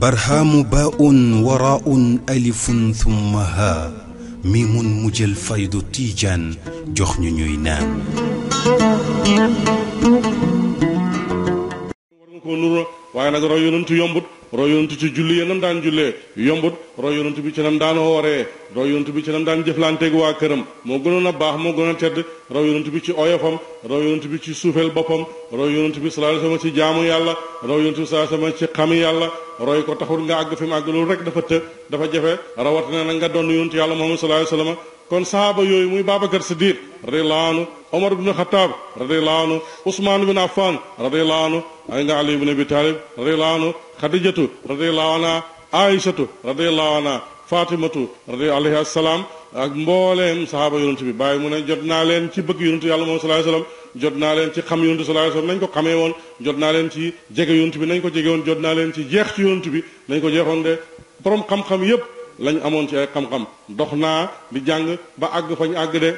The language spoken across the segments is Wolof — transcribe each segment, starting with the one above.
برهام باء وراء ألف ثم ها ميم مجل فيض تيجان جخن نينان waaye nag roy yonent roy yonentu ci julli yenam daan jullee yombut roy yonentu bi ci nam daan wooree roy yonentu bi ci daan jëflanteeg waa këram moo gënoon a baax moo gënoon tedd roy yonentu bi ci oyofam roy yonentu bi ci suufeel boppam roy yonentu bi sallallahu alayhi wasallam ci jaamu yàlla roy yonentu bi ci xam yàlla roy ko taxul nga àgg fi mu àgg loolu rek dafa të dafa jafe rawatina nag nga doon yonentu yàlla Muhammad sallallahu alayhi wasallam kon sahaaba yooyu muy Babacar Siddiq radiyallahu anhu omar ibn xataab radiallahu anhu usmaan ibn affan radiallahu anhu ay nga ali ibn abi taalib radiallahu anhu xadijatu radiallahu anha aïchatu radiallahu anha fatimatu radi alayhi assalaam ak mbooleem sahaaba yonent bi bàyyi mu ne jot naa leen ci bëgg yonent yàlla moom sallallahu alayhi wasallam jot naa leen ci xam yonent sallallahu alayhi wasallam nañ ko xamee woon jot naa leen ci jege yonent bi nañ ko jege woon jot naa leen ci jeex ci yonent bi nañ ko jeexoon de borom xam-xam yépp lañ amoon ci ay xam-xam dox naa di jàng ba àgg fañ àgg de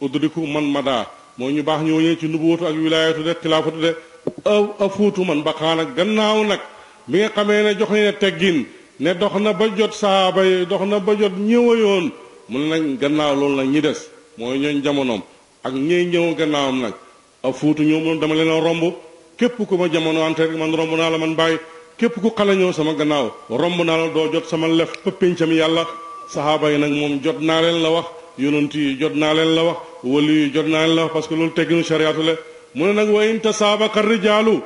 udriku man mada moo ñu baax ñooñee ci nubuwatu ak wilaayatu de xilaafatu de a fuutu man baqaa nag gannaaw nag bi nga xamee ne jox ne teggin ne dox na ba jot sahaaba yi dox na ba jot ñëwayoon mu ne nag gannaaw loolu nag ñi des mooy ñooñ jamonoom ak ñey ñëw gannaawam nag a fuutu ñoom moom dama leen a romb képp ku ma jamono ante rek man romb naa la man bàyyi képp ku xala ñëw sama gannaaw romb naa la doo jot sama lef pëppincam yàlla sahaaba yi nag moom jot naa leen la wax yonent yi jot naa leen la wax wali yi jot naa leen la wax parce que loolu tegginu chariatu la mu ne nag wa in tasaabaka rijaalu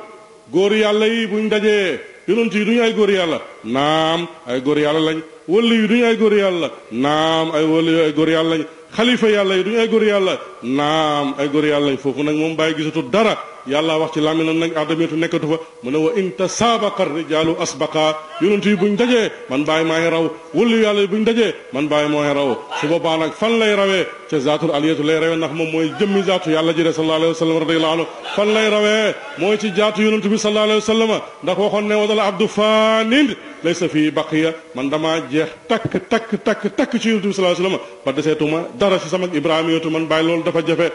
góor yàlla yi buñ dajee yonent yi du ay góor yàlla naam ay góor yàlla lañ wali yi du ay góor yàlla naam ay wali góor yàlla lañ xalifa yàlla yi du ay góor yàlla naam ay góor yàlla lañ foofu nag moom bàyyi gisatu dara yàlla wax ci na nag adamiyatu nekkatu fa mu ne wa inta saabaqa rijaalu asbaqa yonent yi buñ dajee man bàyyi maay raw wëllu yàlla yi buñ dajee man bàyyi mooy raw su baa nag fan lay rawee ca zaatul aliyatu lay rawee ndax moom mooy jëmmi zaatu yàlla ji de sallallahu alayhi wa sallam radiyallahu anhu fan lay rawee mooy ci jaatu yonent bi sallallahu alayhi wa sallam ndax waxoon ne wadala abdu faanin laysa fii baqiya man damaa jeex takk takk takk takk ci yonent bi sallallahu alayhi wa sallam dara ci sama ibrahima yootu man bàyyi loolu dafa jafe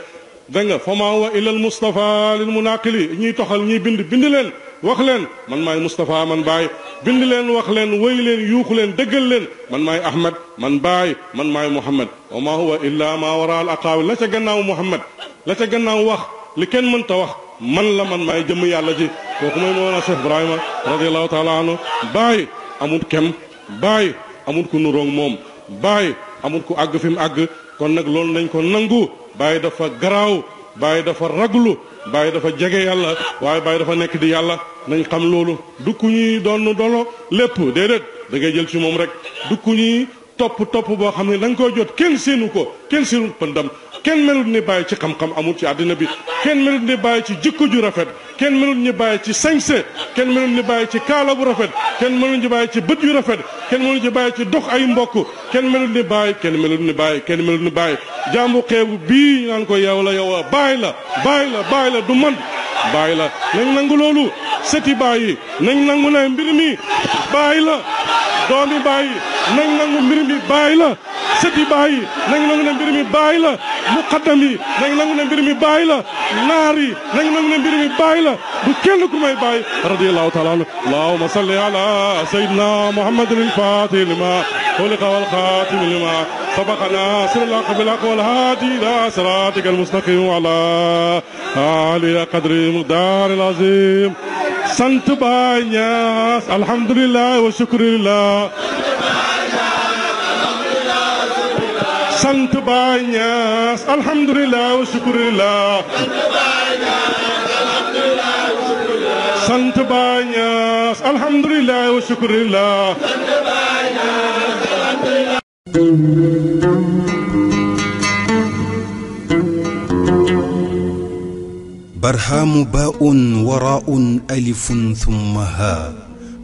دعنا فما هو إلا المصطفى للمناقلي ني تخل ني بند بند لين واخ لين من ماي مصطفى من باي بند لين واخ لين وي لين يوخ لين دقل لين من ماي أحمد من باي من ماي محمد وما هو إلا ما وراء الأقاويل لا تجناه محمد لا تجناه واخ لكن من توخ من لا من ماي جمي على جي وكم يمونا شيخ إبراهيم رضي الله تعالى عنه باي أمود كم باي أمود كنورون موم باي أمود كو أغفيم أغ كون نك لول نانكو نانغو bàyyi dafa garaaw bàyyi dafa raglu bàyyi dafa jege yàlla waaye bàyyi dafa nekk di yàlla nañu xam loolu du ku ñuy doon dolo lépp déedéet dangay jël ci moom rek du ku ñuy topp topp boo xam ne dañ nga koy jot kenn séenu ko kenn séenu pëndam kenn melut ni bàyyi ci xam-xam amul ci àddina bi kenn melut ni bàyyi ci jikko ju rafet kenn melut ni bàyyi ci sañse kenn melut ni bàyyi ci kaala bu rafet kenn melut ni bàyyi ci bët yu rafet kenn melut ni bàyyi ci dox ay mbokk kenn melut ni bàyyi kenn melut ni bàyyi kenn melut ni bàyyi jàmbu xeebu bii naan ko yow la yow la bàyyi la bàyyi la bàyyi du man bàyyi la nañ nangu loolu sëti bàyyi nañ nangu ne mbir mi bàyyi la doomi bàyyi nañ nangu mbir mi bàyyi la سيدي باي نانغ نانغ نبيرمي باي لا مقدمي نانغ نانغ نبيرمي باي لا ناري نانغ نانغ نبيرمي باي لا دو كين كرماي باي رضي الله تعالى عنه اللهم صل على سيدنا محمد الفاتح لما خلق والخاتم لما سبقنا سر الله قبل اقوال هادي الى صراطك المستقيم على عالي قدر المقدار العظيم سنت باي ناس الحمد لله وشكر لله sant Baay Ñas alhamdulillah wa shukrulillah sant Baay Ñas alhamdulillah wa shukrulillah برهام باء وراء ألف ثم هاء